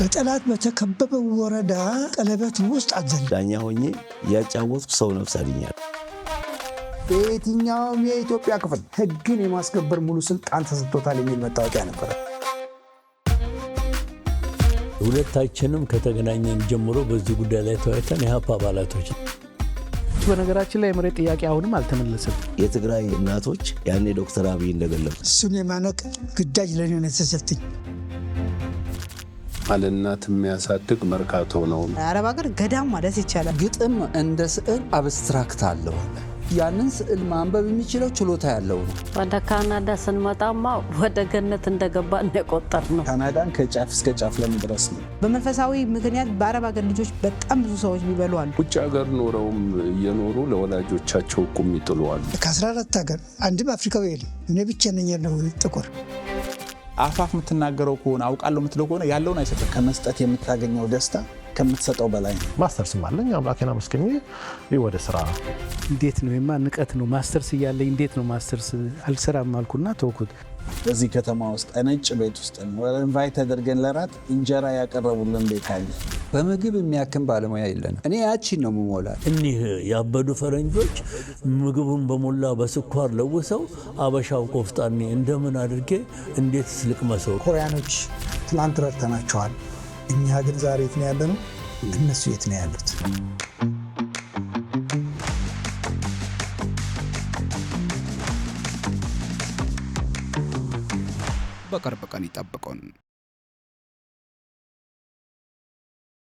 በጠላት በተከበበ ወረዳ ቀለበት ውስጥ አዘን ዳኛ ሆኜ ያጫወትኩ ሰው ነፍስ አድኛል። በየትኛውም የኢትዮጵያ ክፍል ህግን የማስከበር ሙሉ ስልጣን ተሰጥቶታል የሚል መታወቂያ ነበረ። ሁለታችንም ከተገናኘን ጀምሮ በዚህ ጉዳይ ላይ ተወያይተን የሀፕ አባላቶች በነገራችን ላይ የመሬት ጥያቄ አሁንም አልተመለሰም። የትግራይ እናቶች ያኔ ዶክተር አብይ እንደገለጹ እሱን የማነቅ ግዳጅ ለኔ ነው የተሰጠኝ። ባልና የሚያሳድግ መርካቶ ነው። አረብ ሀገር ገዳም ማለት ይቻላል። ግጥም እንደ ስዕል አብስትራክት አለው። ያንን ስዕል ማንበብ የሚችለው ችሎታ ያለው ነው። ወደ ካናዳ ስንመጣማ ወደ ገነት እንደገባ እንደቆጠር ነው። ካናዳን ከጫፍ እስከ ጫፍ ለመድረስ ነው። በመንፈሳዊ ምክንያት በአረብ ሀገር ልጆች በጣም ብዙ ሰዎች የሚበሉ አሉ። ውጭ ሀገር ኖረውም እየኖሩ ለወላጆቻቸው ቁም ይጥሉ ከ ከ14 ሀገር አንድም አፍሪካዊ የለም። እኔ ብቻ ነኝ ጥቁር አፋፍ የምትናገረው ከሆነ አውቃለሁ የምትለው ከሆነ ያለውን አይሰጥም። ከመስጠት የምታገኘው ደስታ ከምትሰጠው በላይ ነው። ማስተርስ አለኝ አምላኬን አመስግኜ ወደ ስራ እንዴት ነው የማ ንቀት ነው ማስተርስ እያለኝ እንዴት ነው ማስተርስ አልሰራም አልኩና ተውኩት። እዚህ ከተማ ውስጥ ነጭ ቤት ውስጥ ኢንቫይት ተደርገን ለራት እንጀራ ያቀረቡልን ቤት አለ በምግብ የሚያክም ባለሙያ የለንም። እኔ ያቺን ነው የምሞላት። እኒህ ያበዱ ፈረንጆች ምግቡን በሞላ በስኳር ለውሰው አበሻው ቆፍጣኔ እንደምን አድርጌ እንዴት ስልቅ መሰው ኮሪያኖች ትላንት ረድተናቸዋል። እኛ ግን ዛሬ የት ነው ያለነው? እነሱ የት ነው ያሉት? በቅርብ ቀን ይጠብቁን።